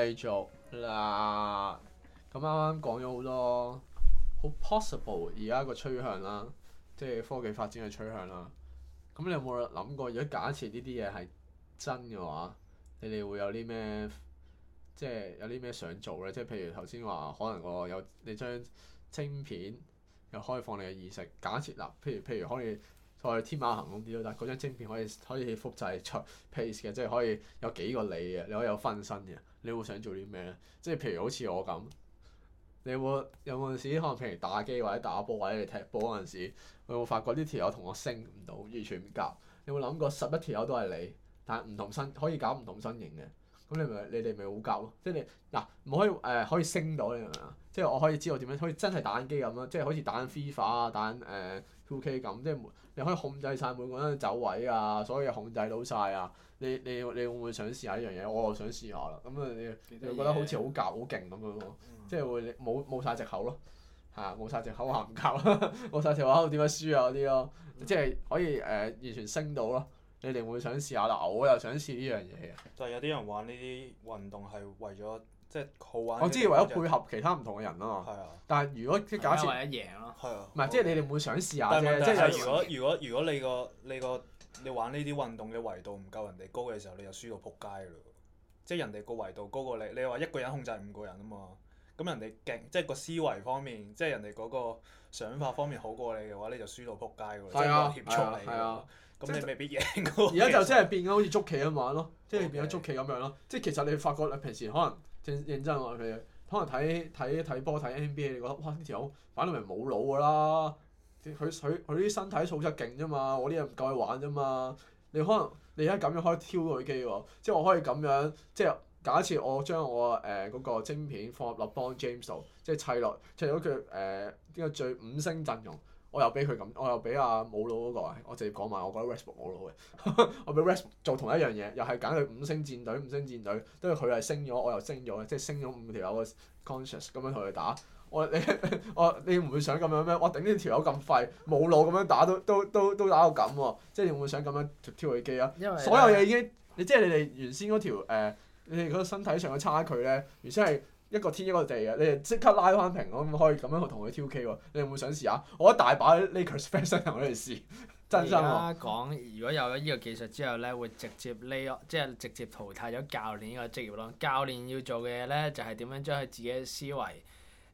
繼續嗱，咁啱啱講咗好多好 possible 而家個趨向啦，即係科技發展嘅趨向啦。咁你有冇諗過，如果假設呢啲嘢係真嘅話，你哋會有啲咩，即係有啲咩想做呢？即係譬如頭先話可能個有你將晶片又可以放你嘅意識。假設嗱，譬如譬如可以再天馬行空啲咯，但係嗰張晶片可以可以複製出 paste 嘅，即係可以有幾個你嘅，你可以有分身嘅。你會想做啲咩咧？即係譬如好似我咁，你會有冇陣時可能平時打機或者打波或者你踢波嗰陣時，有冇發覺啲條友同我升唔到，完全唔夾？你會諗過十一條友都係你，但係唔同身可以搞唔同身形嘅咁？你咪你哋咪好夾咯？即係你嗱唔可以誒、呃、可以升到你明唔明啊？即係我可以知道點樣可以真係打緊機咁啦，即係好似打緊 FIFA 啊，打緊誒 Two K 咁，即係。又可以控制晒每個人嘅走位啊，所有嘢控制到晒啊！你你你會唔會想試一下呢樣嘢？我又想試下啦。咁啊，你你覺得好似好夾好勁咁樣喎，即係會冇冇曬藉口咯，嚇冇晒藉口話唔夾，冇晒 藉口話點樣輸啊嗰啲咯，即係、嗯、可以誒、呃、完全升到咯。你哋會唔會想試下嗱？我又想試呢樣嘢嘅。但係有啲人玩呢啲運動係為咗。即係好玩，我知為咗配合其他唔同嘅人啊嘛。係啊，但係如果假設，或者贏咯，係啊，唔係即係你哋會想試下啫。即係如果如果如果你個你個你玩呢啲運動嘅維度唔夠人哋高嘅時候，你就輸到撲街咯。即係人哋個維度高過你，你話一個人控制五個人啊嘛。咁人哋勁，即係個思維方面，即係人哋嗰個想法方面好過你嘅話，你就輸到撲街喎。係啊，係啊，係啊。咁你未必贏。而家就真係變咗好似捉棋咁玩咯，即係變咗捉棋咁樣咯。即係其實你發覺你平時可能。正認真喎、啊，佢可能睇睇睇波睇 NBA，你覺得哇呢條友擺到明冇腦噶啦？佢佢佢啲身體素質勁啫嘛，我啲人唔夠佢玩啫嘛。你可能你而家咁樣可以挑佢機喎，即係我可以咁樣，即係假設我將我誒嗰、呃那個晶片放入立邦 James 度，即係砌落砌咗佢誒呢個最五星陣容。我又俾佢咁，我又俾阿冇腦嗰個，我直接講埋，我覺得 r a s p o 冇腦嘅， 我俾 r a s p o 做同一樣嘢，又係揀佢五星戰隊，五星戰隊，跟住佢係升咗，我又升咗，即係升咗五條友嘅 conscious 咁樣同佢打，我你 我你唔會想咁樣咩？我頂呢條友咁廢冇腦咁樣打都都都都打到咁喎，即係你會唔會想咁樣跳跳佢機啊？因為所有嘢已經，即你即係你哋原先嗰條誒、呃，你哋嗰個身體上嘅差距咧，原先係。一個天一個地嘅，你哋即刻拉翻平，可唔可以咁樣去同佢挑 K 喎。你有冇想試下？我一大把呢個 Lakers fans 嚟試，真心喎。而家講，如果有咗呢個技術之後咧，會直接呢個，即直接淘汰咗教練呢個職業咯。教練要做嘅嘢咧，就係點樣將佢自己嘅思維。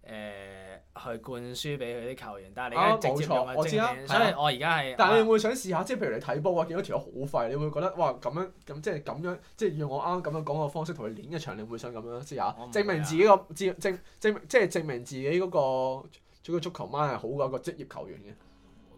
誒、呃，去灌輸俾佢啲球員，但係你而家直接用嘅正、啊、所以我而家係。但係你會唔會想試下，即譬、啊、如你睇波，我見到條友好廢，你會覺得哇咁樣咁，即係咁樣，即係用我啱啱咁樣講嘅方式同佢練一場，你會唔會想咁樣試下？證明自己個，證證證明即證明自己嗰個足嘅足球 man 係好過一個職業球員嘅。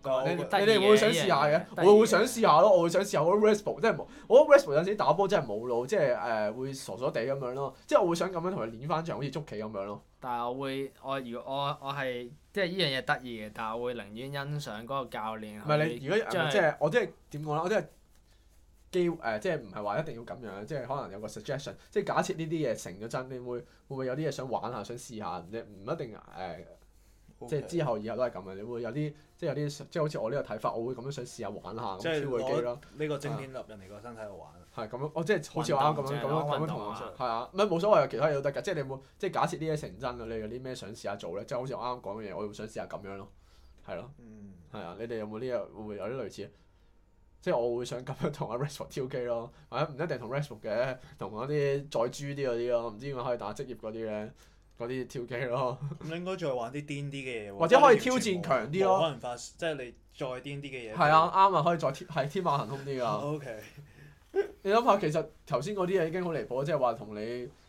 對你你哋會唔會想試下嘅，我會想試下咯。我會想試下嗰個 basket 真係我覺得 basket 有時打波真係冇腦，即係誒會傻傻地咁樣咯。即係我會想咁樣同佢練翻場，好似捉棋咁樣咯。但係我會，我如果我我係即係呢樣嘢得意嘅，但係我會寧願欣賞嗰個教練。唔係你，如果即係我即係點講咧？我即係機誒，即係唔係話一定要咁樣？即係可能有個 suggestion。即係假設呢啲嘢成咗真，你會會唔會有啲嘢想玩下、想試下？唔唔一定誒。呃即係 Okay. 之後以後都係咁嘅，你會有啲即係有啲即係好似我呢個睇法，我會咁樣想試玩下玩下挑機咯。呢個正體入人哋個身體度玩。係咁樣，我、哦、即係好似我啱啱咁樣咁樣咁樣同，係啊，唔係冇所謂啊，其他嘢都得㗎。即係你有冇即係假設呢啲成真啊？你有啲咩想試下做咧？即係好似我啱啱講嘅嘢，我會想試下咁樣咯，係咯、啊，係、嗯、啊。你哋有冇呢啲會唔會有啲類似？即係我會想咁樣同阿 Respect 挑機咯，或者唔一定同 Respect 嘅，同嗰啲載豬啲嗰啲咯，唔知點解可以打職業嗰啲咧。嗰啲跳機咯，咁應該再玩啲癲啲嘅嘢，或者可以挑戰強啲咯。可，咯可能發即係你再癲啲嘅嘢。係啊，啱啊，可以再天係天馬行空啲啊。 o Okay . K，你諗下，其實頭先嗰啲嘢已經好離譜，即係話同你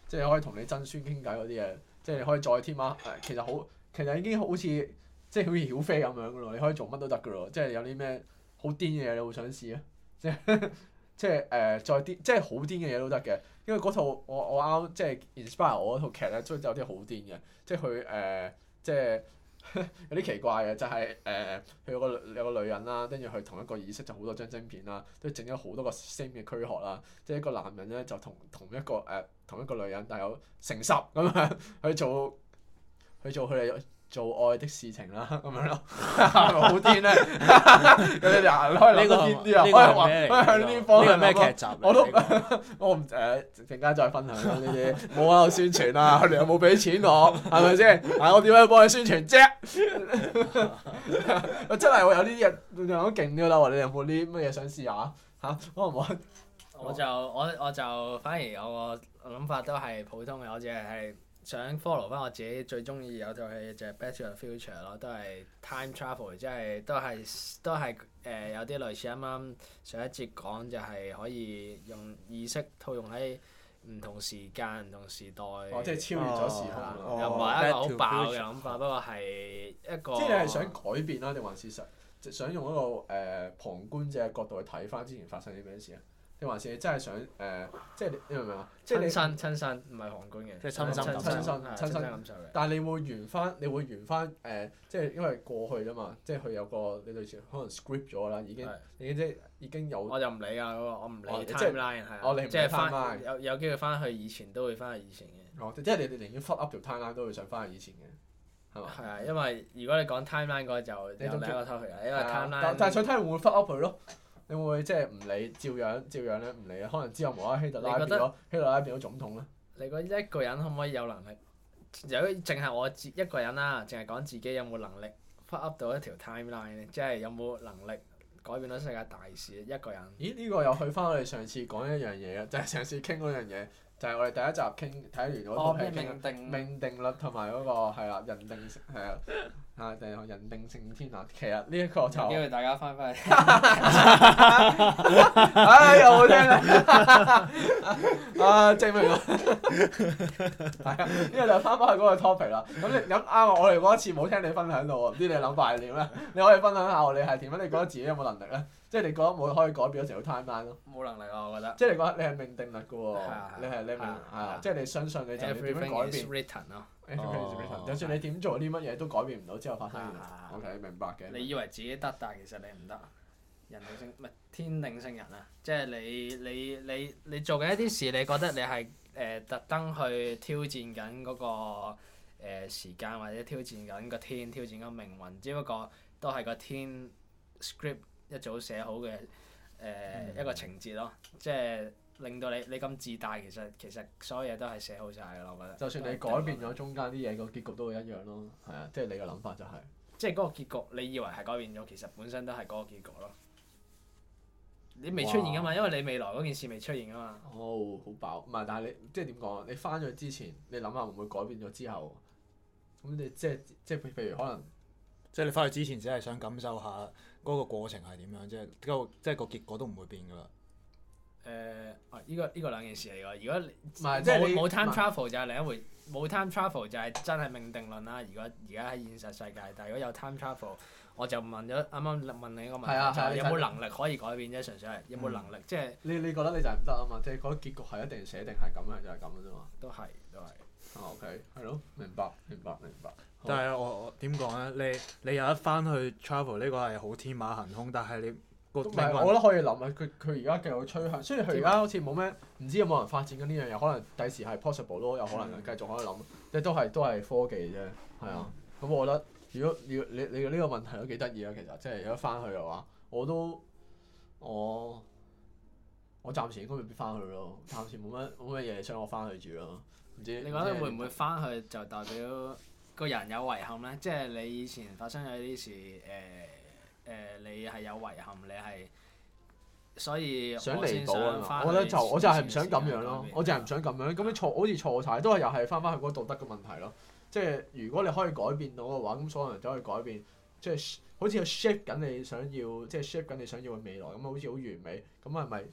即係、就是、可以同你曾孫傾偈嗰啲嘢，即、就、係、是、可以再天馬行， 其實好，其實已經好似即係好似曉飛咁樣噶咯，你可以做乜都得噶咯，即、就、係、是、有啲咩好癲嘅嘢，你會想試啊？即係即係誒，再癲，即係好癲嘅嘢都得嘅。因為嗰套我我啱即係 inspire 我嗰套劇呢，都有啲好癲嘅，即係佢誒，即係有啲奇怪嘅，就係、是、誒，佢、呃、有個有個女人啦，跟住佢同一個意識就好多張晶片啦，都整咗好多個 same 嘅軀殼啦，即係一個男人呢，就同同一個誒、呃、同一個女人，但有成十咁樣去做去做佢哋，做愛的事情啦，咁樣咯，好癲呢，咁你哋行開嚟，呢 個呢啲啊，呢個係咩嚟？呢方面咩劇集我都我唔唉，陣間再分享啦。呢啲冇喺我宣傳啦、啊，佢哋又冇俾錢我，係咪先？但、 啊、我點解要幫佢宣傳啫、啊？我 真係我有啲人就咁勁啲啦！你哋有冇啲乜嘢想試下、啊、嚇？可唔可以？我就我就我就反而我我諗法都係普通嘅，我只係。想 follow 翻我自己最中意有套戲就係《Back to the Future》咯，都係 time travel，即係都係都係誒有啲類似啱啱上一節講，就係、是、可以用意識套用喺唔同時間、唔同時代。哦，即係超越咗時間。唔係、哦哦、一個好爆嘅諗法，to future, 不過係一個。即係你想改變啦、啊，定還是想想用一個誒、呃、旁觀者嘅角度去睇翻之前發生啲咩件事。你還是你真係想誒，即係你明唔明啊？即你親身，親身，唔係旁觀嘅。即係親身感受，親身感受嘅。但你會圓翻，你會圓翻誒，即因為過去啫嘛，即佢有個你類似可能 script 咗啦，已經已經即已經有。我就唔理㗎嗰個，我唔理。即係 timeline 係啊。我嚟唔嚟翻？有有機會翻去以前都會翻去以前嘅。哦，即係即係你你寧願 fuck up 條 timeline 都會想翻去以前嘅，係嘛？係啊，因為如果你講 timeline 嗰就就兩個偷佢啦，因為 timeline。但係想睇會 fuck up 佢咯。你會唔會即係唔理，照樣照樣呢，唔理啊！可能之後無啦啦希特拉變咗希特拉變咗總統咧。你覺得一個人可唔可以有能力？有淨係我一個人啦、啊，淨係講自己有冇能力 put up 到一條 timeline 咧，即係有冇能力改變咗世界大事？一個人。咦？呢個又去翻我哋上次講一樣嘢啊！就係、是、上次傾嗰樣嘢，就係、是、我哋第一集傾睇完嗰套戲命定命定律同埋嗰個係啦，人定勝啦。 啊！定人定勝天啊！其實呢一個就因為大家翻返去，唉，又好聽 啊！啊，證明我係、 哎、 啊，因為就翻返去嗰個 topic 啦。咁你咁啱，我哋嗰一次冇聽你分享到喎，唔知你諗法係點咧？你可以分享下，我哋係點咧？你覺得自己有冇能力咧？即你覺得冇可以改變嗰條 timeline 咯。冇能力啊，我覺得。即你覺得你係命定律嘅喎，你係你命，係啊！啊即你相信你就點改變。Everything is written 咯。啊、就算你點做啲乜嘢都改變唔到之後發生嘅嘢。我係明白嘅。你以為自己得，但係其實你唔得。人定勝唔係天定勝人啊！即你你你你，你，你做緊一啲事，你覺得你係誒特登去挑戰緊、那、嗰個誒、呃、時間，或者挑戰緊個天，挑戰緊命運。只不過都係個天 script。一早寫好嘅誒、呃嗯、一個情節咯，即係令到你你咁自大，其實其實所有嘢都係寫好晒㗎喇，我覺得。就算你改變咗中間啲嘢，個結局都會一樣咯，係啊，即係你嘅諗法就係、係。即係嗰個結局，你以為係改變咗，其實本身都係嗰個結局咯。你未出現噶嘛？哇因為你未來嗰件事未出現噶嘛。哦，好飽，唔係，但係你即係點講？你翻去之前，你諗下會唔會改變咗之後？咁你即係即係，譬如可能，即係你翻去之前，只係想感受下。嗰個過程係點樣？即係，即係個結果都唔會變噶啦。誒、呃，呢、啊這個呢、這個兩件事嚟㗎。如果唔係，是沒即冇冇 time travel 是就係另一回，冇 time travel 就係真係命定論啦、啊。如果而家喺現實世界，但係如果有 time travel，我就問咗啱啱問你一個問題啦。啊、就有冇能力可以改變啫？純、啊啊、粹係，有冇能力即係？嗯就是、你你覺得你就係唔、就是、得啊嘛？即係嗰個結局係一定寫定係咁嘅，樣是就係咁嘅啫嘛。都係，都係。哦，OK，係咯，明白，明白，明白。明白。但係我我點講咧？你你有得翻去 travel 呢個係好天馬行空，但係你個唔係我覺得可以諗啊！佢佢而家嘅趨向，雖然佢而家好似冇咩，唔知有冇人發展緊呢樣嘢，可能第時係 possible 咯，有可能繼續可以諗，嗯、即都係都係科技啫，係啊！咁、嗯、我覺得如果要你你嘅呢個問題都幾得意啊，其實即係有得翻去嘅話，我都我我暫時應該未必翻去咯，暫時冇乜冇乜嘢想我翻去住咯，唔知你覺得你會唔會翻去就代表？個人有遺憾咧，即係你以前發生咗呢啲事，誒、呃、誒、呃，你係有遺憾，你係，所以想彌補。去我覺得就是我就係唔想咁樣咯，我就係唔想咁樣。咁對 你錯好似錯曬，都係又係翻翻去嗰個道德嘅問題咯。即係如果你可以改變到嘅話，咁所有人都去改變，即係好似 shape 緊你想要，即係 shape 緊你想要嘅未來咁啊，好似好完美。咁係咪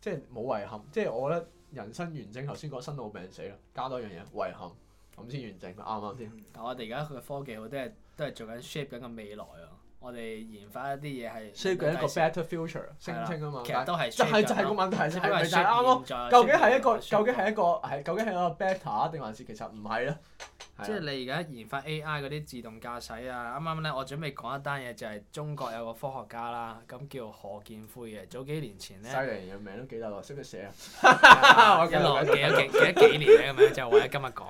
即係冇遺憾？即係我覺得人生完整。頭先講生老病死啦，加多樣嘢遺憾。咁先完整，啱唔啱先？但我哋而家佢嘅科技，好多係都係做緊 shape 緊個未來啊！我哋研發一啲嘢係需要一個 better future，聲稱啊嘛，其實都係，就係就係個問題先係，就啱咯。究竟係一個究竟係一個係究竟係一個 better 定還是其實唔係咧？即係你而家研發 AI 嗰啲自動駕駛啊，啱啱咧我準備講一單嘢就係中國有個科學家啦，咁叫何建輝嘅，早幾年前咧。犀利嘅名都幾大鑊，識唔識寫啊？一落幾多幾幾多幾年咧咁樣就為咗今日講。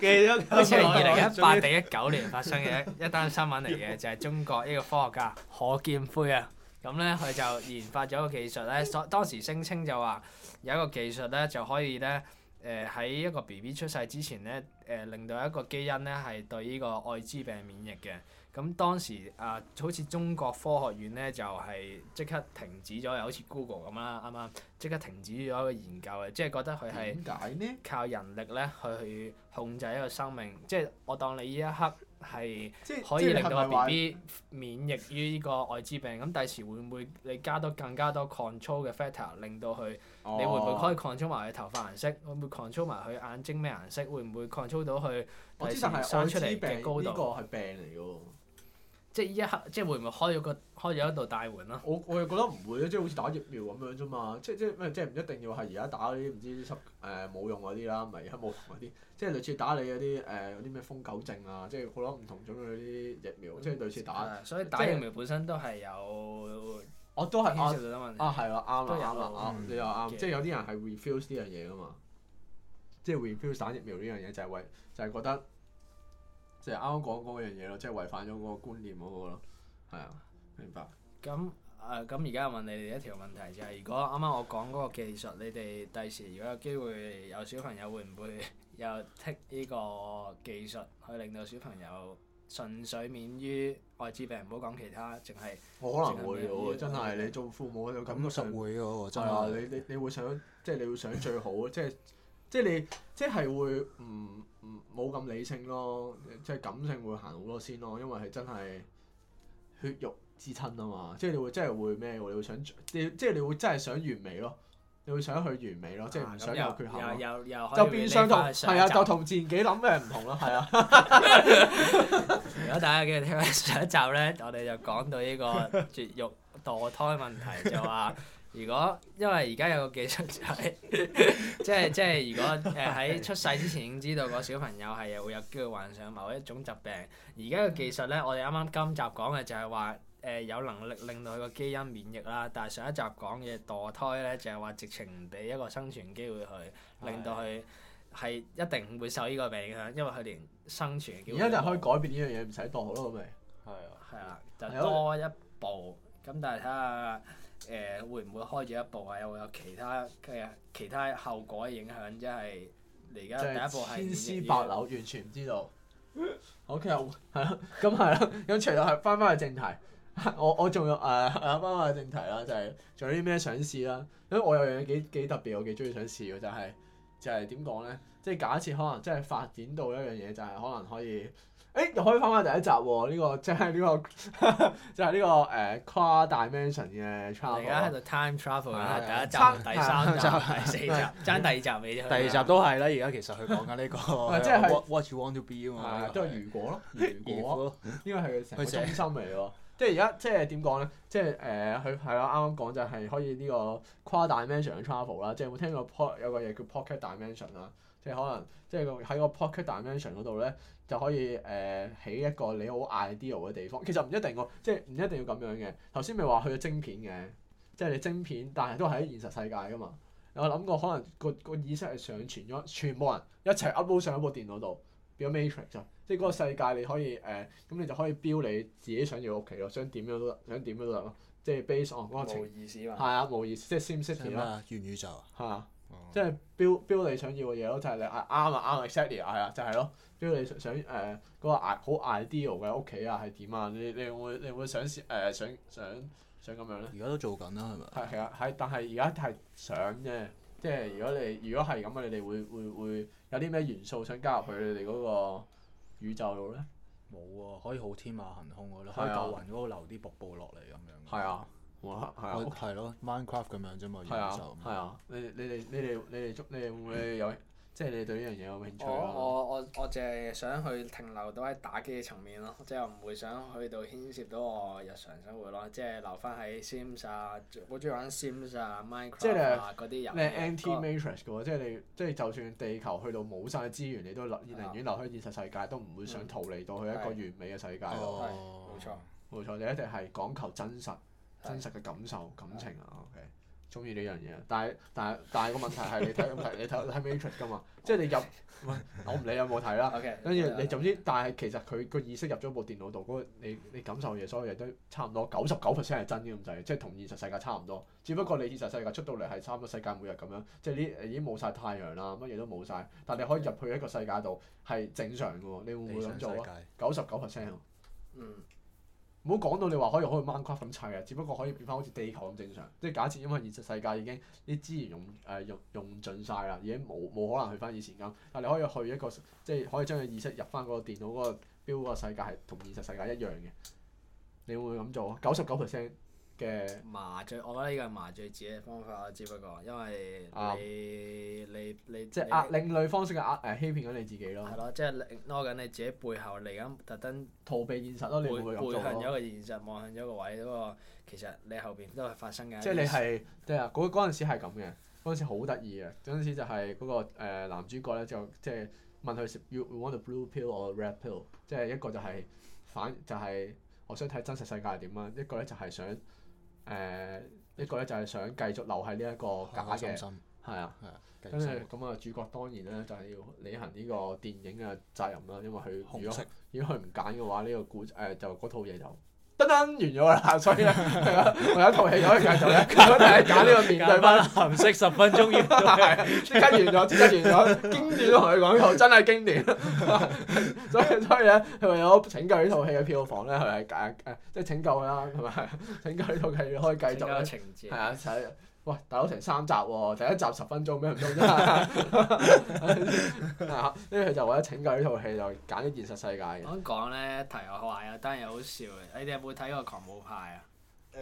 記咗。而且二零一八第一。九年發生嘅一一單新聞嚟嘅，就係、是、中國呢個科學家何建輝啊，咁咧佢就研發咗個技術咧，所當時聲稱就話有一個技術咧就可以咧，誒、呃、喺一個 BB 出世之前咧，誒、呃、令到一個基因咧係對呢個愛滋病免疫嘅。咁當時啊，好似中國科學院呢，就係、是、即刻停止咗，又好似 Google 咁啦，啱啱？即刻停止咗個研究嘅，即係覺得佢係靠人力呢，呢去控制一個生命，即我當你呢一刻係即可以令到係 BB 免疫於呢個艾滋病咁，第時會唔會你加多更加多 control 嘅 factor，令到佢，你會唔會可以 control 埋佢頭髮顏色？哦、會唔會 control 埋佢眼睛咩顏色？會唔會 control 到佢第時生出嚟嘅高度？我知但係艾滋病呢個係病嚟㗎喎。即係呢一刻，即係會唔會開咗個開咗一道大門啦？我我又覺得唔會，即係好似打疫苗咁樣啫嘛。即即咩？即係唔一定要係而家打嗰啲唔知濕誒冇用嗰啲啦，咪而家冇用嗰啲，即係類似打你嗰啲誒嗰啲咩瘋狗症啊，即係好多唔同種類嗰啲疫苗，嗯、即係類似打。所以打疫苗本身都係有，我都係啊啊係咯，啱啦啱啦啱，你又啱，即係有啲人係 refuse 呢樣嘢噶嘛，即係 refuse 打疫苗呢樣嘢就係、是、為就係、是、覺得。即係啱啱講嗰樣嘢咯，即係違反咗嗰個觀念嗰個咯，係啊，明白。咁誒，咁而家問你哋一條問題就係，如果啱啱我講嗰個技術，你哋第時如果有機會有小朋友，會唔會又 take 呢個技術去令到小朋友純粹免於愛滋病？唔好講其他，淨係我可能會，真係你做父母感覺上就會㗎喎，係啊，的你你你會想，即係你會想最好， 即係即係你即係會唔？冇咁理性咯，即係感性會行好多先咯，因為係真係血肉之親啊嘛，即係你會真係會咩，你會想，你即係你會真係想完美咯，你會想去完美咯，啊、即係唔想有缺陷咯，啊、又又又就變相同係啊，就自同自己諗嘅唔同咯，係啊。如果大家繼續聽上一集呢，我哋就講到呢個絕育墮胎問題就話。如果因為而家有個技術就係，即係即係如果誒喺出世之前已經知道個小朋友係會有機會患上某一種疾病，而家嘅技術呢，我哋啱啱今集講嘅就係話誒有能力令到佢個基因免疫啦。但係上一集講嘅墮胎呢，就係話直情唔俾一個生存機會佢，令到佢係一定唔會受呢個病嘅，因為佢連生存機會而家就可以改變呢樣嘢，唔使墮囉，咁咪係啊？係啊，就多一步咁，但係睇下。誒、呃、會唔會開住一部啊？又會有冇其他嘅其他後果嘅影響？即係而家第一部係、這個、千絲百縷，完全唔知道。OK，係咯，咁係咯。咁除咗係返返去正題，我我仲有誒返返去正題啦，就係、是、仲有啲咩想試啦。咁我有樣嘢幾幾特別，我幾中意想試嘅就係、是、就係點講咧？即係假設可能即係發展到一樣嘢，就係可能可以。誒又、哎、可以翻翻第一集喎、哦？呢個即係呢個，即係呢個誒跨 dimension 嘅 travel。而家喺度 time travel 啊， 第一集、第三集、第四集，爭 第二集未啫？第二集都係啦，而家其實佢講緊呢個 what you want to be 啊嘛，都、就、係、是啊就是、如果咯， 如果咯，呢個係成個中心嚟咯。 即係而家即係點講咧？即係佢係咯，啱啱講就係可以呢個跨 dimension 嘅 travel 啦。即係有冇聽過 p o 有個嘢叫 pocket dimension 啊？即係可能即係喺個 pocket dimension 嗰度咧。就可以誒起、呃、一個你好 ideal 嘅地方，其實唔一定喎，即係唔一定要咁樣嘅。頭先咪話去咗晶片嘅，即係你晶片，但係都喺現實世界噶嘛。有冇諗過可能、嗰個、嗰個意識係上傳咗，全部人一齊 upload 上一部電腦度，變咗 Matrix 啫。即係嗰個世界你可以誒，咁、呃、你就可以 build 你自己想要嘅屋企咯，想點樣都得，想點樣都得咯。即係 base on 嗰個情係啊，冇意思即係 SimCity 咯，元宇宙啊。即係標標你想要嘅嘢咯，字就係你啱啊啱 exactly 係啊，就係咯。標你想想誒嗰個好 ideal 嘅屋企啊，係點啊？你你會你會想誒想想想咁樣咧？而家都做緊啦，係咪？係啊，係，但係而家係想啫。即係如果你如果係咁啊，你哋會會會有啲咩元素想加入去你哋嗰個宇宙度咧？冇喎，可以好天馬行空㗎咯，可以到雲嗰度流啲瀑布落嚟咁樣。係啊。玩黑，係啊，我係咯，Minecraft 咁樣啫嘛。然後就係啊，你哋你哋你哋你哋中你哋會唔會有即係你對呢樣嘢有興趣啦？我我我我淨係想去停留到喺打機嘅層面咯，即係唔會想去到牽涉到我日常生活咯，即係留翻喺 Sims 啊，我中意玩 Sims 啊，Minecraft 啊嗰啲人，咩 Anti Matrix 嘅喎，即係你即係就算地球去到冇晒資源，你都寧願留喺現實世界，都唔會想逃離到去一個完美嘅世界咯。冇錯，冇錯，你一定係講求真實。真實嘅感受、感情啊 Yeah.，OK，中意呢樣嘢。但係，但係，但係個問題係， 你睇咁睇，你睇睇 Matrix 噶嘛？即係你入， 我唔理有冇睇啦。跟住 Okay. 你總之， 但係其實佢個意識入咗部電腦度，嗰個你你感受嘅嘢，所有嘢都差唔多，九十九 percent 係真嘅咁滯。即係同現實世界差唔多，只不過你現實世界出到嚟係差唔多世界末日咁樣，即係啲已經冇晒太陽啦，乜嘢都冇晒。但係你可以入去一個世界度係正常嘅喎，你會唔會咁做啊？九十九 percent。嗯。唔好講到你話可以可以 Minecraft 咁砌啊，只不過可以變翻好似地球咁正常。即係假設因為現實世界已經啲資源用誒、呃、用用盡晒啦，已經冇冇可能去翻以前咁。但係你可以去一個即係可以將個意識入翻嗰個電腦嗰個標個世界係同現實世界一樣嘅。你會唔會咁做？九十九 percent。嘅麻醉，我覺得呢個係麻醉自己嘅方法，只不過因為你、啊、你你即係呃另類方式嘅呃欺騙緊你自己咯，係咯，即係攞緊你自己背後嚟咁特登逃避現實咯，背背向咗個現實，望向咗個位嗰個其實你後邊都係發生緊，即係你係，對啊，嗰嗰陣時係咁嘅，嗰陣時好得意嘅，嗰陣時就係嗰、那個誒、呃、男主角咧就即、是、係問佢食，You want a blue pill or red pill？即係、就是、一個就係反就係、是、我想睇真實世界係點樣，一個咧就係想。誒一、呃這個呢，就係想繼續留喺呢一個假嘅，係深啊，跟住咁啊，主角當然呢，就係、是、要履行呢個電影嘅責任啦，因為佢如果色如果佢唔揀嘅話，呢、這個故誒、呃、就嗰套嘢就。噔噔完咗啦，所以咧，我有一套戲可以繼續咧，我哋係揀呢個面對班，唔識十分鐘要，即 刻完咗，即 刻完咗， 經典同佢講求，真係經典， 所以所以咧，佢唯有拯救呢套戲嘅票房咧，佢係揀誒，即係拯救佢啦，同埋拯救呢套戲可以繼續啦，係啊。喂，大佬成三集喎、哦，第一集十分鐘，咩唔通啫？啊，跟住佢就為咗拯救呢套戲，就揀咗現實世界嘅。我講呢咧，題外話有單嘢好笑嘅，你哋有冇睇過《狂舞派》啊？誒、呃。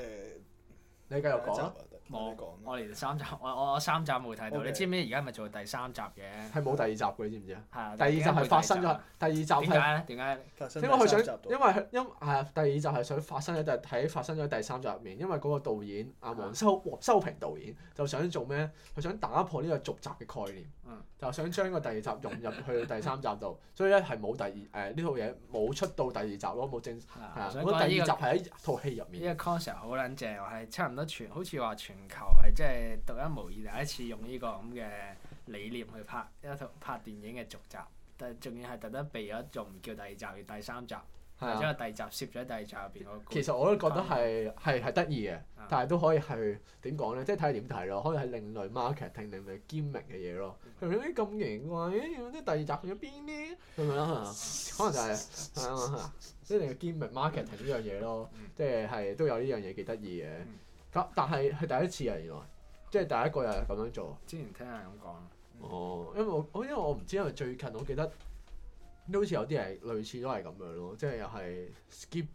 你繼續講，我講。我連三集，我我三集冇睇到 Okay. 你，你知唔知而家咪做第三集嘅？係冇第二集嘅，你知唔知啊？第二集係發生咗第二集點解咧？點解？咧因為佢想，因為佢因係啊，第二集係想發生嘅，但係喺發生咗第三集入面。因為嗰個導演阿黃修黃修平導演就想做咩？佢想打破呢個續集嘅概念。 就想將個第二集融入去第三集度， 所以呢係冇第二誒呢、呃、套嘢冇出到第二集咯，冇正式啊！我第二集係喺套戲入面、啊。呢、呢個 concept 好撚正，係差唔多全好似話全球係即係獨一無二第一次用呢個咁嘅理念去拍一套拍電影嘅續集，但係仲要係特登避咗一唔叫第二集而第三集，將個第二集攝咗第二集入邊嗰。其實我都覺得係係係得意嘅，但係都可以去點講呢？即係睇你點睇咯，可以係另類 marketing、另類兼明嘅嘢咯。佢哋啲咁奇怪，誒，啲第二集去咗邊啲？咁樣係嘛？ 可能就係、係、係啊， 即係個 gaming marketing 呢樣嘢咯。即係係都有呢樣嘢幾得意嘅。咁 但係係第一次啊，原來即係第一個又係咁樣做。之前聽係咁講。嗯、哦，因為我因為我唔知，因為最近我記得都好似有啲係類似都係咁樣咯，即係又係 skip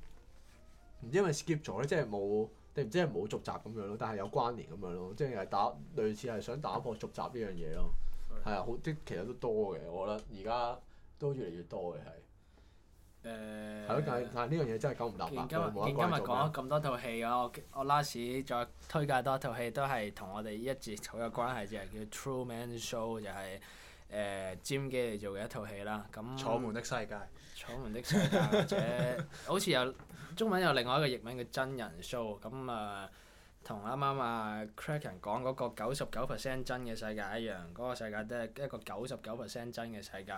唔知係 skip 咗咧，即係冇定唔知係冇續集咁樣咯，但係有關聯咁樣咯，即係又係打類似係想打破續集呢樣嘢咯。 係啊，好啲其實都多嘅，我覺得而家都越嚟越多嘅係。誒。係咯，uh，但係但係呢樣嘢真係九唔搭八，冇乜關係。今日講咁多套戲嘅，啊，我 last 再推介多一套戲，都係同我哋一節好有關係，就係叫 True Man Show，就係誒 Jim Carrey 嚟做嘅一套戲啦。咁。楚門的世界。楚門的世界或者 好似有中文有另外一個譯名叫真人 Show，咁啊。呃同啱啱啊 Cracken 講嗰個九十九 percent 真嘅世界一樣，嗰、那個世界都係一個九十九 percent 真嘅世界。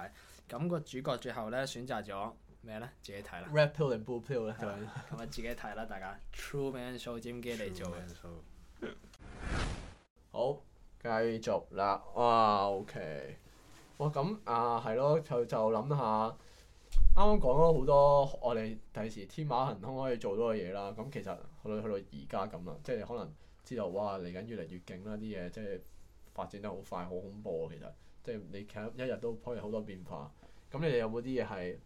咁、那個主角最後咧選擇咗咩咧？自己睇啦。Red pill 定 blue pill 咧、啊？係咪的自己睇啦？大家 True Man Show 機嚟 True 做嘅。 好，繼續啦。哇，OK。哇，咁啊，係咯，就就諗下。啱啱講咗好多，我哋第時天馬行空可以做到嘅嘢啦。咁其實～我哋去到而家咁啦，即係可能知道哇，嚟緊越嚟越勁啦！啲嘢即係發展得好快，好恐怖啊！其實，即係你睇一日都可以好多變化。咁你哋有冇啲嘢係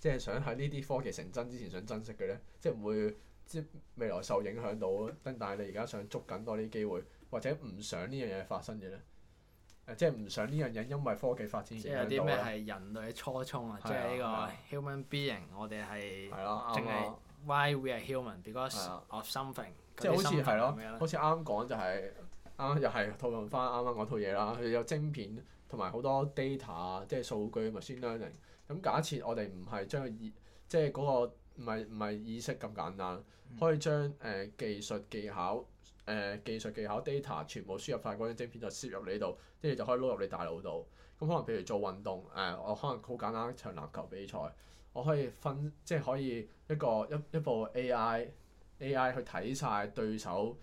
即係想喺呢啲科技成真之前想珍惜嘅咧？即係唔會即係未來受影響到，但係你而家想捉緊多啲機會，或者唔想呢樣嘢發生嘅咧？即係唔想呢樣嘢，因為科技發展。即係有啲咩係人類嘅初衷啊？即係呢個 human being，啊，我哋係淨係。Why we are human？Because of something。 即係好似係咯，好似啱啱講就係、係、啱，又係討論翻啱啱嗰套嘢啦。佢 有晶片同埋好多 data，即係數據，咪先 learning 咁，假設我哋唔係將意、嗰個，即係嗰、嗰個唔係唔係意識咁簡單，可以將誒、呃、技術技巧、誒、呃、技術技巧 data 全部輸入曬嗰張晶片，就攝入你度，跟住就可以撈入你大腦度。咁可能譬如做運動誒，我、呃、可能好簡單一場籃球比賽。我可以分，即係可以一個一一部 AI AI 去睇晒對手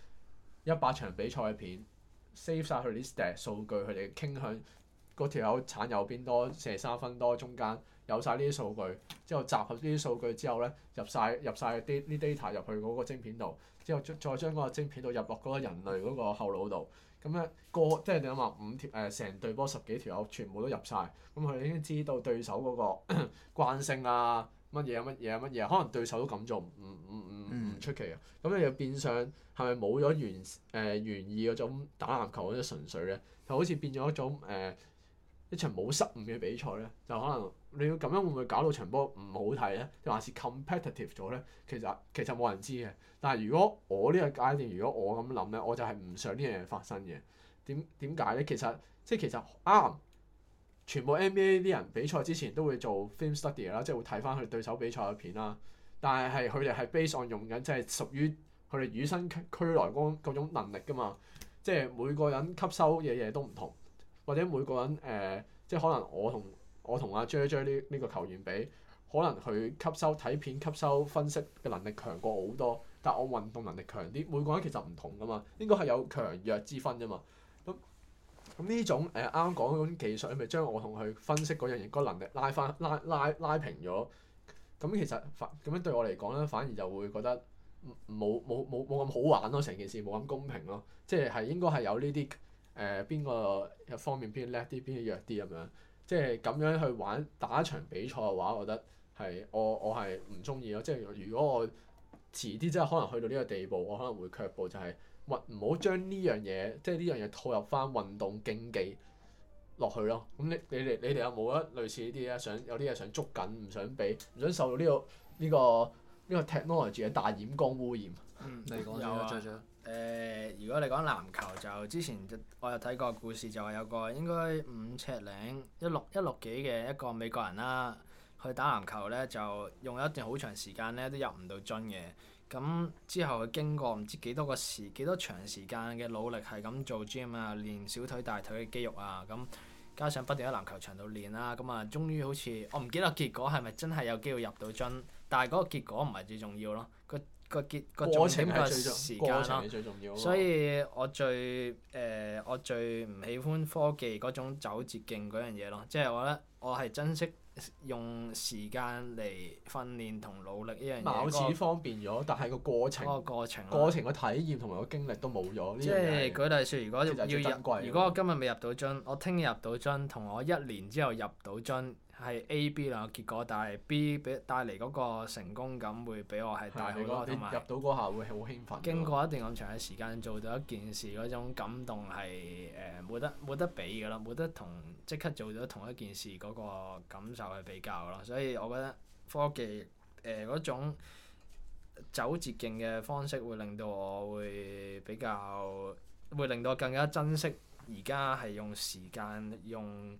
一百場比賽嘅片，save 晒佢啲 data 數據，佢哋傾向嗰條友鏟右邊多，射三分多，中間有晒呢啲數據，之後集合呢啲數據之後咧，入晒入曬啲呢 data 入去嗰個晶片度，之後再再將嗰個晶片度入落嗰個人類嗰個後腦度。咁樣，個即係你諗下，五條誒成隊波十幾條友全部都入晒。咁佢已經知道對手嗰個慣性啊，乜嘢啊，乜嘢啊，乜嘢可能對手都咁做，唔唔唔唔出奇啊。咁你就變相，係咪冇咗原誒、呃、原意嗰種打籃球嗰種純粹咧？就好似變咗一種誒、呃、一場冇失誤嘅比賽咧，就可能。你要咁樣會唔會搞到場波唔好睇咧？還是 competitive 咗咧？其實其實冇人知嘅。但係如果我呢個概念，如果我咁諗咧，我就係唔想呢樣嘢發生嘅。點點解咧？其實即係其實啱。全部 NBA 啲人比賽之前都會做 film study 啦，即係會睇翻佢對手比賽嘅片啦。但係係佢哋係 based on 用緊，即係屬於佢哋與生俱來嗰嗰種能力噶嘛。即係每個人吸收嘅嘢都唔同，或者每個人誒、呃，即係可能我同。我同阿 j j 呢，呢個球員比，可能佢吸收睇片、吸收分析嘅能力強過我好多，但我運動能力強啲。每個人其實唔同噶嘛，應該係有強弱之分啫嘛。咁咁呢種誒啱啱講嗰種技術，你咪將我同佢分析嗰樣嘢嗰個能力拉翻拉拉拉平咗。咁其實反咁樣對我嚟講咧，反而就會覺得冇冇冇冇咁好玩咯，成件事冇咁公平咯。即係係應該係有呢啲誒邊個方面邊個叻啲，邊個弱啲咁樣。即係咁樣去玩打一場比賽嘅話，我覺得係我我係唔中意咯。即係如果我遲啲即係可能去到呢個地步，我可能會卻步就，就係運唔好將呢樣嘢即係呢樣嘢套入翻運動競技落去咯。咁你你哋你哋有冇一類似呢啲咧？想有啲嘢想捉緊，唔想俾，唔想受到呢個呢個呢個 technology 嘅大染缸污染。嗯，你講有誒、呃，如果你講籃球就之前，我有睇過故事，就話有個應該五尺零一六一六幾嘅一個美國人啦、啊，去打籃球呢，就用咗一段好長時間呢，都入唔到樽嘅。咁之後佢經過唔知幾多個時幾多長時間嘅努力，係咁做 gym 啊，練小腿大腿嘅肌肉啊，咁加上不斷喺籃球場度練啦，咁啊，終於好似我唔記得結果係咪真係有機會入到樽，但係嗰個結果唔係最重要咯。個結個過程嘅時間咯，所以我最誒、呃、我最唔喜歡科技嗰種走捷徑嗰樣嘢咯，即係我覺得我係珍惜用時間嚟訓練同努力一樣嘢。貌似方便咗，那個、但係個過程，個過程，過程嘅體驗同埋個經歷都冇咗。即係舉例説，如果要入，如果我今日未入到樽，我聽日入到樽，同我一年之後入到樽。係 A、B 啦，結果但係 B 俾帶嚟嗰個成功感會俾我係大好多，同埋有入到嗰下會好興奮。經過一段咁長嘅時間做到一件事嗰種感動係誒冇得冇得比㗎啦，冇得同即刻做咗同一件事嗰個感受去比較啦，所以我覺得科技誒嗰、呃、種走捷徑嘅方式會令到我會比較會令到我更加珍惜而家係用時間用。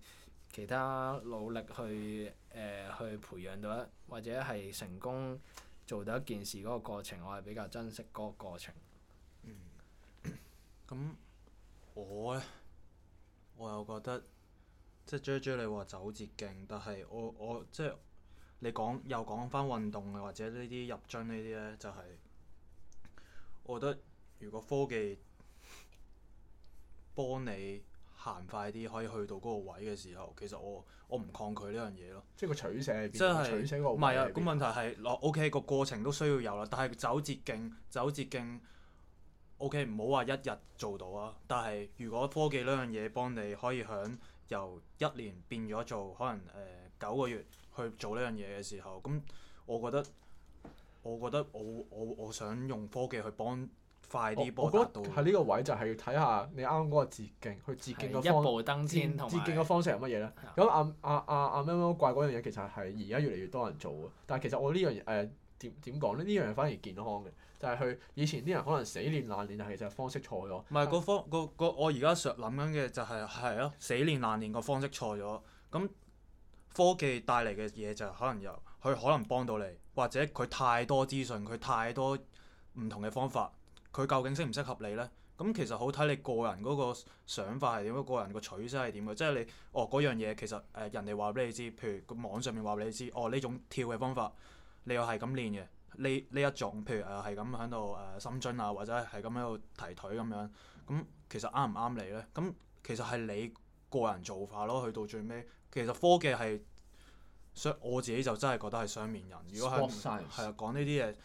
其他努力去誒、呃、去培養到一或者係成功做到一件事嗰個過程，我係比較珍惜嗰個過程。嗯，咁我咧，我又覺得即係 Jazz 你話走捷徑，但係我我即係你講又講翻運動，啊，或者呢啲入樽呢啲咧，就係、是、我覺得如果科技幫你。行快啲可以去到嗰個位嘅時候，其實我我唔抗拒呢樣嘢咯。即係是個取捨係，即係唔係啊？咁問題係，落 OK 個過程都需要有啦，但係走捷徑走捷徑 OK 唔好話一日做到啊！但係如果科技呢樣嘢幫你可以響由一年變咗做可能誒九、呃、個月去做呢樣嘢嘅時候，咁我，我覺得我覺得我我我想用科技去幫。快啲波發到喎！喺呢個位就係要睇下你啱啱嗰個捷徑，佢捷徑個方捷徑個方式係乜嘢咧？咁阿阿阿阿喵喵怪嗰樣嘢其實係而家越嚟越多人做，但係其實我、這個呃、樣樣呢樣誒點點講咧？呢、這、樣、個、反而健康嘅就係、是、佢以前啲人可能死練爛練，係其實方式錯咗。唔係是、啊、個方、那個、那個我而家想諗緊嘅就係係咯，死練爛練個方式錯咗，咁科技帶嚟嘅嘢就可能又佢可能幫到你，或者佢太多資訊，佢太多唔同嘅方法。佢究竟適唔適合你咧？咁其實好睇你個人嗰個想法係點，個人個取捨係點嘅，即係你哦嗰樣嘢其實誒、呃、人哋話俾你知，譬如網上面話俾你知哦呢種跳嘅方法，你又係咁練嘅呢呢一種，譬如誒係咁喺度誒深蹲啊，或者係咁喺度提腿咁樣，咁、嗯、其實啱唔啱你咧？咁、嗯、其實係你個人做法咯。去到最尾，其實科技係，所以我自己就真係覺得係雙面人。如果係係啊講呢啲嘢。壁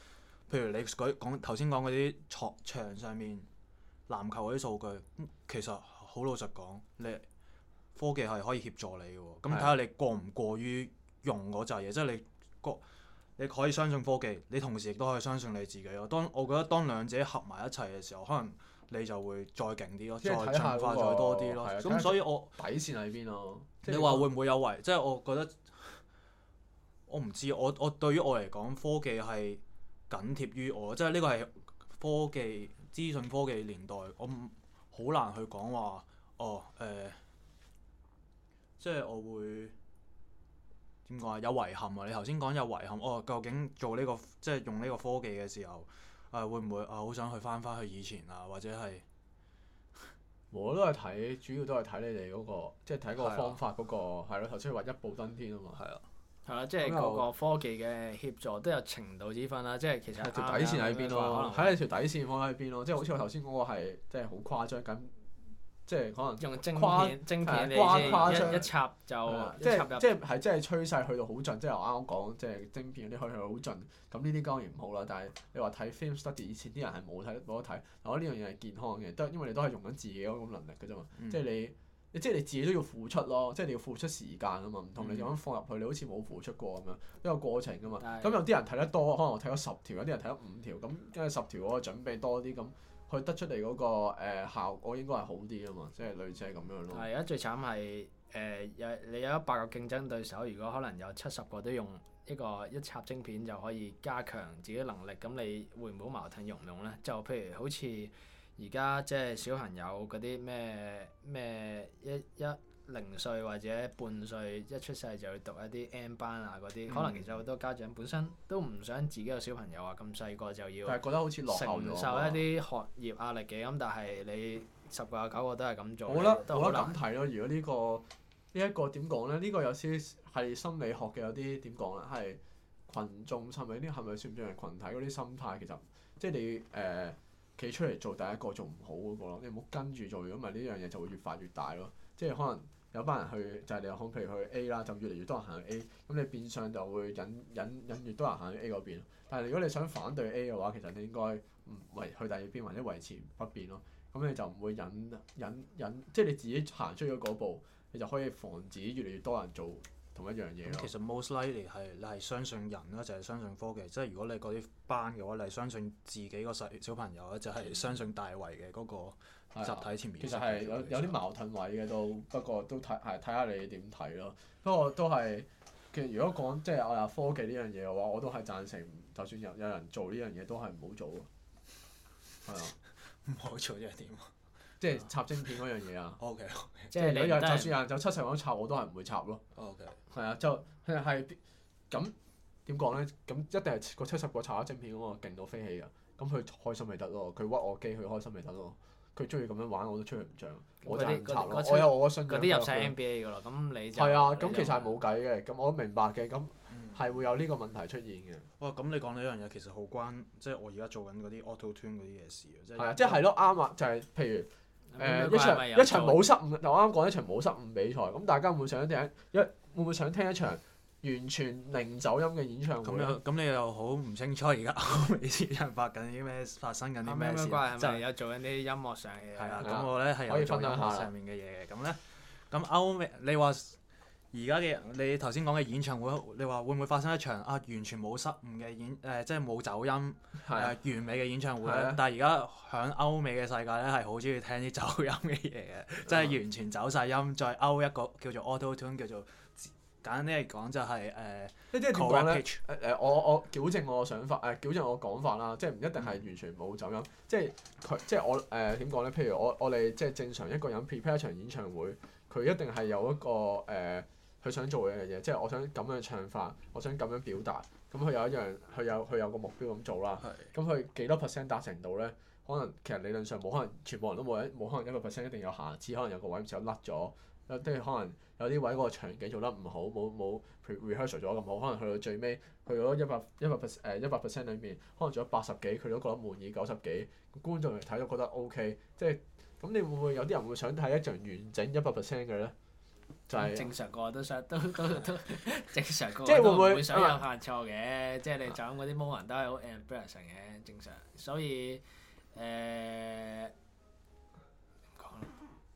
譬如你舉講頭先講嗰啲場上面籃球嗰啲數據，其實好老實講，你科技係可以協助你喎。咁睇下你過唔過於用嗰扎嘢，是的 即係你個你可以相信科技，你同時亦都可以相信你自己咯。當我覺得當兩者合埋一齊嘅時候，可能你就會再勁啲咯，那個、再進化再多啲咯。咁的所以我底線喺邊咯？是你話會唔會有違？即係我覺得我唔知我我，我對於我嚟講科技係。緊貼於我，即係呢個係科技資訊科技年代，我唔好難去講話哦誒、呃，即係我會點講啊？有遺憾啊！你頭先講有遺憾，我、哦、究竟做呢、這個即係用呢個科技嘅時候，誒、呃、會唔會啊？好、呃、想去返返去以前啊，或者係我都係睇，主要都係睇你哋嗰、那個，即係睇個方法嗰、那個，係咯是、啊啊？頭先話一步登天嘛啊嘛，係啊。係啦，嗯、即係嗰個科技嘅協助都有程度之分啦。嗯、即係其實底、啊、條底線喺邊咯？喺你條底線放喺邊咯？即係好似我頭先嗰個係，即係好誇張咁，即係可能用晶片、晶框片、誇誇張一插就、嗯、一插即係即係係即趨勢去到好盡。即係我啱啱講，即係晶片嗰啲去到好盡。咁呢啲當然唔好啦。但係你話睇 film study，以前啲人係冇睇冇得睇。得我覺得呢樣嘢係健康嘅，都因為你都係用緊自己嗰種能力嘅啫嘛。即係你。嗯即係你自己都要付出咯，即係你要付出時間啊嘛，唔同你咁樣放入去，你好似冇付出過咁樣，一個過程啊嘛。咁是有啲人睇得多，可能我睇咗十條，有啲人睇咗五條，咁跟住十條我個準備多啲，咁佢得出嚟嗰、那個誒、呃、效果應該係好啲啊嘛，即係類似係咁樣咯。係啊，最慘係誒有你有一百個競爭對手，如果可能有七十個都用一個一插晶片就可以加強自己能力，咁你會唔會矛盾用唔用呢？就譬如好似，而家即係小朋友嗰啲咩咩一一,一零歲或者半歲，一出世就要讀一啲 M 班啊嗰啲，嗯、可能其實好多家長本身都唔想自己個小朋友啊咁細個就要，但係覺得好似落後咗，承受一啲學業壓力嘅咁，但係你十個有九個都係咁做。好啦，我覺得冇得咁睇咯。如果呢、呢個呢一、呢個點講呢？呢、呢個有啲係心理學嘅，有啲點講呢，係群眾係咪呢？係咪算唔算係群體嗰啲心態？其實即係你誒。呃企出嚟做第一個做唔好嗰個咯，你唔好跟住做，如果唔係呢樣嘢就會越發越大咯。即係可能有班人去就係你講，譬如去 A 啦，就，是、A，就越嚟越多人行去 A，咁你變相就會引引引越多人行去 A 嗰邊。但係如果你想反對 A 嘅話，其實你應該唔維去第二邊或者維持不變咯。咁你就唔會引引引，即係你自己行出咗嗰步，你就可以防止越嚟越多人做。同一樣嘢、嗯，其實 most likely 係你係相信人啦，就係、是、相信科技。即係如果你嗰啲班嘅話，你係相信自己個細小朋友啦，就係、是、相信大圍嘅嗰個集體前面體。的其實係有有啲矛盾位嘅，都不過都睇係睇下你點睇咯。不過都係其實如果講即係我話科技呢樣嘢嘅話，我都係贊成。就算有有人做呢樣嘢，都係唔好做。係啊，唔好 做又點？即係插晶片嗰樣嘢啊！O K，即係你就算有人走七十個插，我都係唔會插咯。O K，係啊，就係咁點講咧？咁一定係個七十個插咗晶片嗰個勁到飛起㗎。咁佢開心咪得咯？佢屈我機，佢開心咪得咯？佢中意咁樣玩，我都吹佢唔脹，些我就唔插咯。我有我嘅信仰。嗰啲又係 N B A 㗎啦。咁你係啊？咁其實係冇計嘅。咁我都明白嘅。咁係會有呢個問題出現嘅。哇、嗯！咁、哦哦嗯、你講呢樣嘢其實好關，即、就、係、是、我而家做緊嗰啲 auto tune 嗰啲嘅事啊。係即係係咯，啱啊，就係譬如。 就是誒、嗯、一場是是一場冇失誤，嗱我啱講一場冇失誤比賽，咁大家會唔會想聽一會唔會想聽一場完全零走音嘅演唱會？咁你咁你又好唔清楚而家歐美市場發緊啲咩發生緊啲咩事？就係有做緊啲音樂上嘅嘢啦。咁我咧係可以分享下上面嘅嘢嘅。咁咧咁歐美你話？而家嘅你頭先講嘅演唱會，你話會唔會發生一場啊完全冇失誤嘅演誒、呃，即係冇走音誒是、啊呃、完美嘅演唱會咧？是啊、但係而家響歐美嘅世界咧，係好中意聽啲走音嘅嘢嘅，即係完全走晒音，再歐一個叫做 Auto Tune，叫做簡單啲嚟講就係誒。即係點講咧？誒我我矯正我嘅想法誒、呃，矯正我嘅講法啦，即係唔一定係完全冇走音，嗯、即係佢即係我誒點講咧？譬如我我哋即係正常一個人 prepare 一場演唱會，佢一定係有一個誒、呃。佢想做一樣嘢，即係我想咁樣唱法，我想咁樣表達。咁佢有一樣，佢有佢有個目標咁做啦。係是的。咁佢幾多 percent 達成到咧？可能其實理論上冇可能，全部人都冇一冇可能一個 percent 一定有瑕疵，可能有個位唔小心甩咗，有即可能有啲位個場景做得唔好，冇冇譬如 rehearsal 咗咁好。可能去到最尾，去咗一百一百 percent 誒一百 percent 裏面，可能做咗八十幾，佢都覺得滿意，九十幾觀眾睇都覺得 OK。即係咁，你會唔會有啲人會想睇一場完整一百 percent 嘅咧？就係正常個，都想都都都正常個，即係會唔會想有犯錯嘅？即係你就咁嗰啲 moment 都係好 embarrassing 嘅，正常。所以唉，唔講啦。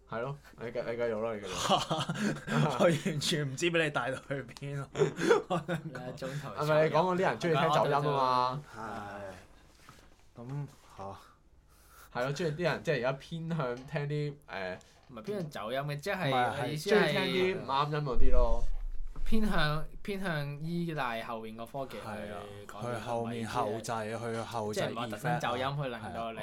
係咯，你繼你繼續啦，你繼續。我完全唔知俾你帶到去邊啊！係咪你講嗰啲人中意聽走音啊嘛？係。咁嚇。係咯，中意啲人即係而家偏向聽啲誒。唔係偏向走音嘅，即係係意思係中意聽啲啱音嗰啲咯。偏向偏向依賴後面個科技去講嘢，唔係後面後製，去後製。e f f 特 c 走音去令到你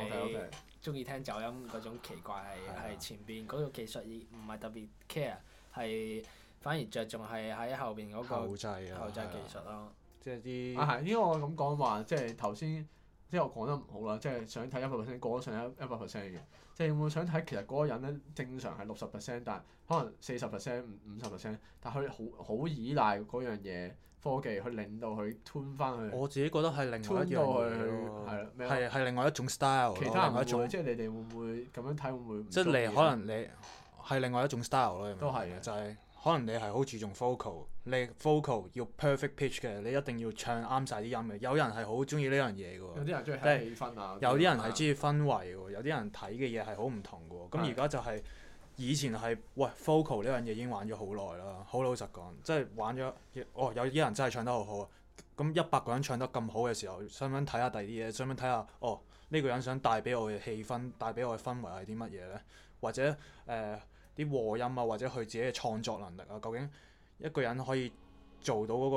中意聽走音嗰種奇怪係前邊嗰種技術，而唔係特別 care，係反而着重係喺後邊嗰個後製技術咯。即係啲啊係，因為我咁講話，即係頭先即係我講得唔好啦，即係想睇一百 percent 過咗上一一百 percent 嘅。你會唔會想睇其實嗰個人咧正常係六十 percent，但可能四十 percent、五十 percent，但佢好好依賴嗰樣嘢科技去令到佢，turn 翻去。我自己覺得係另外一樣嘢咯，係另外一種 style。其他人會即係你哋會唔會咁樣睇會唔會？即係你可能你係另外一種 style 咯，都係嘅，就係可能你係好、就是、注重 focal 你 vocal 要 perfect pitch 嘅，你一定要唱啱晒啲音嘅。有人係好中意呢樣嘢嘅喎，有啲人中意睇氣氛啊，有啲人係中意氛圍喎，有啲人睇嘅嘢係好唔同嘅喎。咁而家就係以前係喂 vocal 呢樣嘢已經玩咗好耐啦。好老實講，即係玩咗，哦有啲人真係唱得好好啊。咁一百個人唱得咁好嘅時候，想唔想睇下第二啲嘢？想唔想睇下哦呢、呢個人想帶俾我嘅氣氛、帶俾我嘅氛圍係啲乜嘢咧？或者誒啲、呃、和音啊，或者佢自己嘅創作能力啊，究竟，一個人可以做到嗰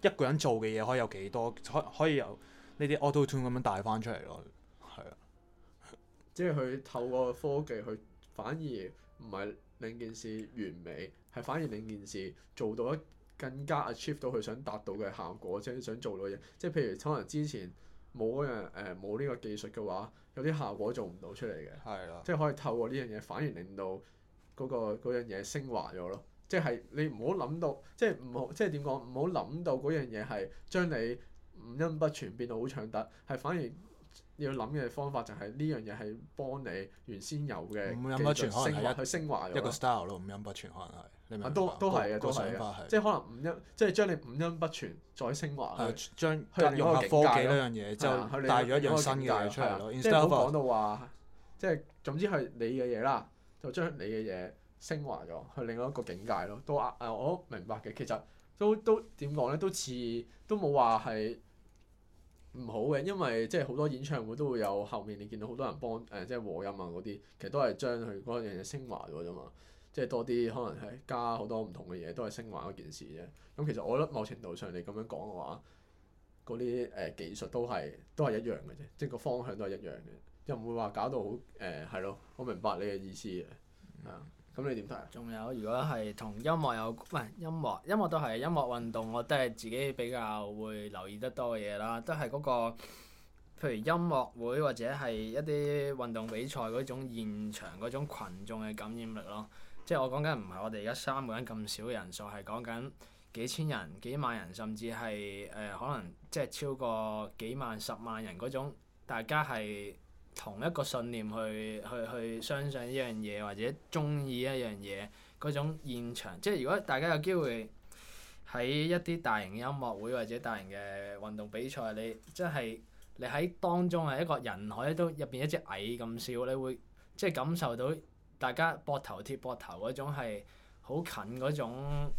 個一個人做嘅嘢可以有幾多？可以可以由呢啲 auto tune 咁樣帶翻出嚟咯，係啊，即係佢透過科技去，反而唔係令件事完美，係反而令件事做到一更加 achieve 到佢想達到嘅效果，即係想做到嘅嘢。即係譬如可能之前冇嗰樣誒冇呢個技術嘅話，有啲效果做唔到出嚟嘅，係啦，即係可以透過呢樣嘢，反而令到嗰個嗰樣嘢昇華咗咯。即係你唔好諗到，即係唔好，即係點講？唔好諗到嗰樣嘢係將你五音不全變到好唱得，係，反而要諗嘅方法就係，呢樣嘢係幫你原先有嘅五音不全，可能係一一個 style 咯，五音不全可能係、啊，都都係嘅，都係，即係可能五音，即係將你五音不全再升華去。係的將融合科技呢樣嘢，就帶咗一樣新嘅出嚟咯。的的即係冇講到話，即係是是總之係你嘅嘢啦，就將你嘅嘢。升華咗，去另外一個境界咯，都啱，哦，我都明白嘅。其實都都點講咧，都似都冇話係唔好嘅，因為即係好多演唱會都會有後面你見到好多人幫誒、呃、即係和音啊嗰啲，其實都係將佢嗰樣嘢升華咗啫嘛。即係多啲可能係加好多唔同嘅嘢，都係升華嗰件事啫。咁、嗯、其實我覺得某程度上你咁樣講嘅話，嗰啲誒技術都係都係一樣嘅啫，即係個方向都係一樣嘅，又唔會話搞到好誒係咯。我明白你嘅意思嘅，係、嗯、啊。嗯咁你點睇？仲有，如果係同音樂有唔係音樂，音樂都係音樂運動，我都係自己比較會留意得多嘅嘢啦，都係嗰個，譬如音樂會或者係一啲運動比賽嗰種現場嗰種群眾嘅感染力咯。即係我講緊唔係我哋而家三個人咁少人數，係講緊幾千人、幾萬人，甚至係誒可能即超過幾萬、十萬人嗰種，大家係，同一個信念去去去相信一樣嘢，或者中意一樣嘢嗰種現場，即如果大家有機會喺一啲大型音樂會或者大型嘅運動比賽，你即係你喺當中係一個人海都入邊一隻蟻咁小，你會即感受到大家膊頭貼膊頭嗰種係好近嗰種。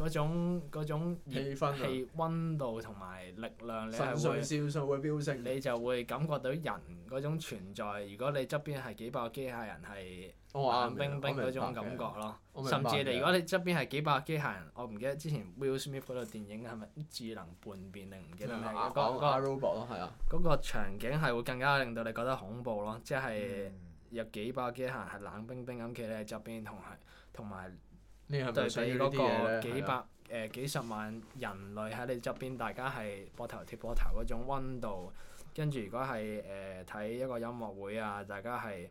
嗰種嗰種氣氛、氣溫度同埋力量，你係會，你就會感覺到人嗰種存在。如果你側邊係幾百個機械人係冷冰冰嗰種感覺咯，哦、甚至你，如果你側邊係幾，幾百個機械人，我唔記得之前 Will Smith 嗰套電影係咪智能叛變定唔記得咩？嗰、嗯那個嗰、啊那個 robot 咯，係嗰、啊、個場景係會更加令到你覺得恐怖咯，即、就、係、是、有幾百個機械人係冷冰冰咁企喺你側邊同係同埋。對比嗰個幾百誒、呃、幾十萬人類喺你側邊，大家係膊頭貼膊頭嗰種溫度，跟住如果係誒睇一個音樂會啊，大家係誒、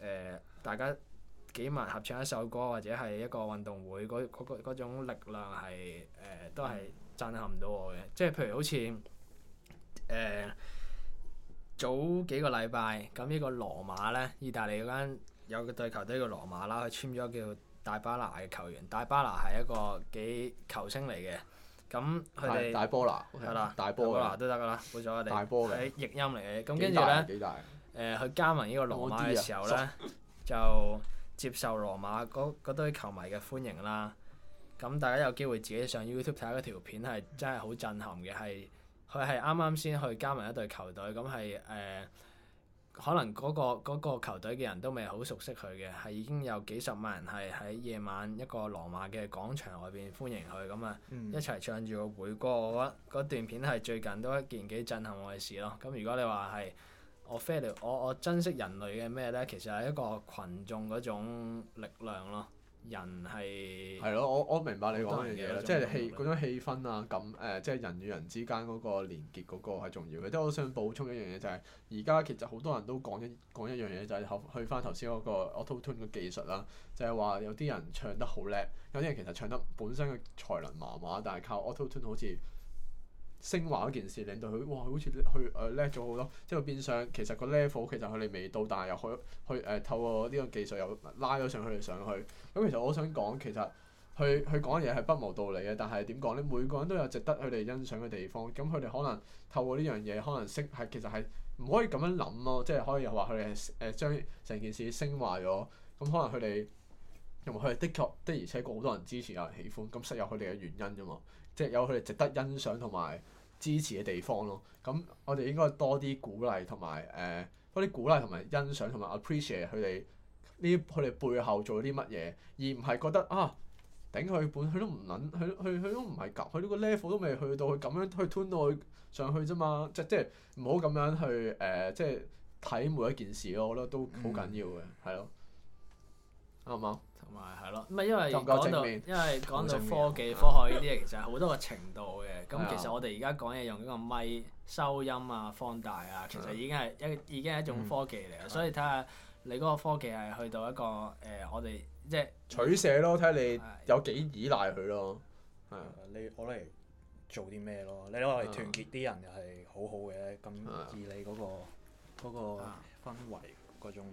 呃、大家幾萬合唱一首歌或者係一個運動會嗰嗰嗰嗰種力量係誒、呃、都係震撼唔到我嘅，即係譬如好似誒、呃、早幾個禮拜咁呢個羅馬呢，意大利嗰間有個對球隊叫羅馬啦，佢簽咗叫。大巴拿嘅球員，大巴拿係一個幾球星嚟嘅，咁佢哋大波拿係啦，okay，大波嘅都得㗎啦，冇錯，我哋大波拿係譯音嚟嘅，咁跟住呢，誒佢、呃、加盟呢個羅馬嘅時候呢，啊、就接受羅馬嗰嗰堆球迷嘅歡迎啦。咁大家有機會自己上 YouTube 睇下嗰條片，係真係好震撼嘅，係佢係啱啱先去加盟一隊球隊，咁係誒。呃可能嗰個嗰個球隊嘅人都未好熟悉佢嘅，係已經有幾十萬人係喺夜晚一個羅馬嘅廣場外邊歡迎佢，咁啊一齊唱住個會歌，我覺得嗰段片係最近都一件幾震撼我嘅事咯。咁如果你話係我 feel 我我珍惜人類嘅咩咧，其實係一個群眾嗰種力量咯。人係係咯，我我明白你講嗰樣嘢啦，即係氣嗰種氣氛啊，咁誒、呃，即係人與人之間嗰個連結嗰個係重要嘅。即係我想補充一樣嘢，就係而家其實好多人都講一講一樣嘢，就係、是、去翻頭先嗰個 auto tune 嘅技術啦，就係、是、話有啲人唱得好叻，有啲人其實唱得本身嘅才能麻麻，但係靠 auto tune 好似。升華嗰件事，令到佢哇，好似佢誒叻咗好多，即係變相其實個 level 其實佢哋未到，但係又去去誒、呃、透過呢個技術又拉咗上佢哋上去。咁其實我想講，其實佢佢講嘅嘢係不無道理嘅。但係點講咧？每個人都有值得佢哋欣賞嘅地方。咁佢哋可能透過呢樣嘢，可能升係其實係唔可以咁樣諗咯。即係可以又話佢哋誒將成件事升華咗。咁可能佢哋同埋佢哋的確的而且確好多人支持有人喜歡，咁實有佢哋嘅原因啫嘛。即係有佢哋值得欣賞同埋支持嘅地方咯，咁我哋應該多啲鼓勵同埋誒多啲鼓勵同埋欣賞同埋 appreciate 佢哋呢佢哋背後做咗啲乜嘢，而唔係覺得啊頂佢本佢都唔撚，佢佢佢都唔係及，佢呢個 level 都未去到去咁樣去 turn 到去上去啫嘛，即即係唔好咁樣去誒、呃、即係睇每一件事咯，我覺得都好緊要嘅，係咯、嗯，啱唔啱？咪係咯，唔係因為講到因為講到科技科學呢啲嘢，其實係好多個程度嘅。咁其實我哋而家講嘢用呢個咪收音啊、放大啊，其實已經係一已經係一種科技嚟嘅。所以睇下你嗰個科技係去到一個誒，我哋即取捨咯。睇下你有幾依賴佢咯。係啊，你攞嚟做啲咩咯？你攞嚟團結啲人又係好好嘅。咁以你嗰個嗰個氛圍嗰種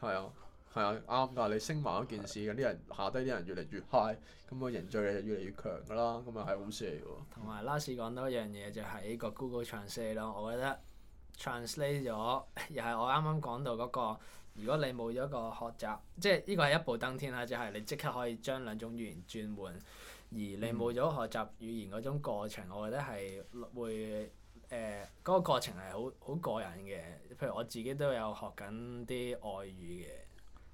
係啊。係啊，啱㗎。你升華咗件事，嗰啲人下低啲人越嚟越 high，咁個凝聚力就越嚟越強㗎啦。咁啊係好事嚟㗎喎。同埋 last 講到一樣嘢就係、是、個 Google Translate 咯，我覺得 translate 咗又係我啱啱講到嗰個。如果你冇咗個學習，即係呢個係一步登天啦，就係、是、你即刻可以將兩種語言轉換。而你冇咗學習語言嗰種過程，嗯、我覺得係會誒嗰、呃那個過程係好好過癮嘅。譬如我自己都有學緊啲外語嘅。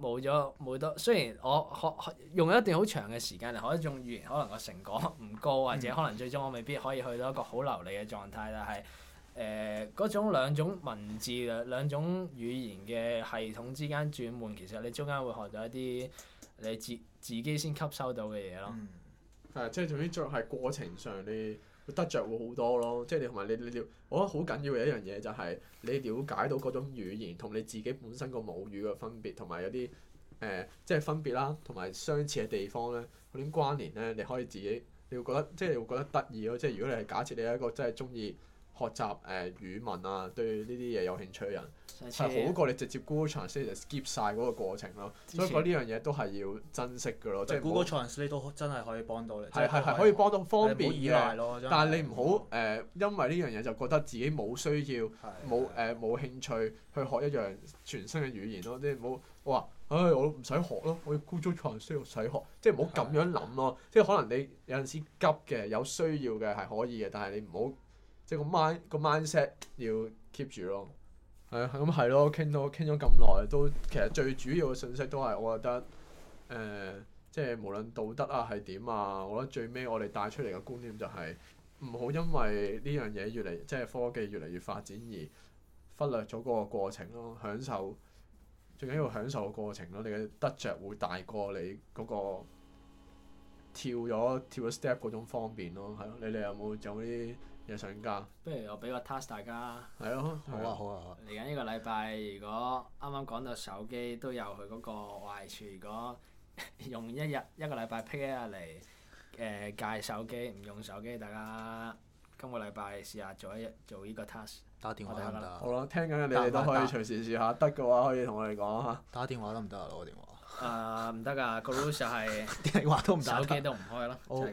冇咗冇多，雖然我學用一段好長嘅時間嚟學一種語言，可能個成果唔高，或者可能最終我未必可以去到一個好流利嘅狀態，但係誒嗰種兩種文字兩兩種語言嘅系統之間轉換，其實你中間會學到一啲你自自己先吸收到嘅嘢咯。係、嗯，即係總之作係過程上啲。.得着會好多咯，即係你同埋你你了，我覺得好緊要嘅一樣嘢就係、是、你了解到嗰種語言同你自己本身個母語嘅分別，同埋有啲誒、呃、即係分別啦，同埋相似嘅地方咧，嗰啲關聯咧，你可以自己，你會覺得即係你會覺得得意咯。即係如果你係假設你係一個真係中意。學習誒語文啊，對呢啲嘢有興趣嘅人係好過你直接 Google Translate skip 晒嗰個過程咯，所以覺得呢樣嘢都係要珍惜嘅咯。即係 Google Translate 都真係可以幫到你，係係係可以幫到方便，但係你唔好誒，因為呢樣嘢就覺得自己冇需要、冇誒冇興趣去學一樣全新嘅語言咯。即係冇話，唉，我唔使學咯，我要 Google Translate 唔使學，即係唔好咁樣諗咯。即係可能你有陣時急嘅、有需要嘅係可以嘅，但係你唔好。個 mind 個 mindset 要 keep 住咯，係啊，咁、嗯、係咯，傾到傾咗咁耐，都其實最主要嘅信息都係，我覺得誒、呃，即係無論道德啊係點啊，我覺得最尾我哋帶出嚟嘅觀念就係、是，唔好因為呢樣嘢越嚟即係科技越嚟越發展而忽略咗嗰個過程咯，享受最緊要享受個過程咯，你嘅得着會大過你嗰、那個跳咗跳咗 step 嗰種方便咯，係咯，你哋有冇有啲？又想加，不如我俾個 task 大家。係咯，好啊，好啊。嚟緊呢個禮拜，如果啱啱講到手機都有佢嗰個壞處，如果用一日一個禮拜劈一日嚟誒戒手機，唔用手機，大家今個禮拜試下做一日，做呢個 task。打電話得㗎喇。好啦，聽緊嘅你哋都可以隨時試下，得嘅話可以同我哋講嚇。打電話得唔得啊？攞電話。誒，唔得㗎，Gloria 係電話都唔打，手機都唔開咯。OK。